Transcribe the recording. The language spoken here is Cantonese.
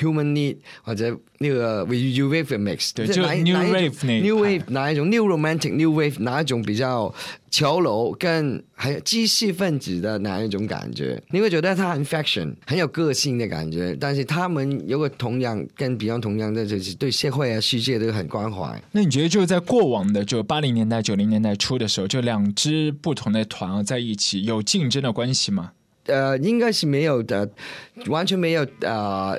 Human need 或者呢個 new wave mix，即係、就是、new、Rape、new wave，哪一種、啊、new romantic，new wave，哪一種比較潮流，跟還有知識分子的哪一種感覺？你會覺得佢很 fashion，很有個性的感覺。但是他哋有個同樣，跟比較同樣，那就是對社會啊、世界都很關懷。那你覺得就是在過往的就八零年代、九零年代初的時候，就兩支不同的團啊在一起有競爭的關係嗎？呃，應該是沒有的，完全沒有啊。呃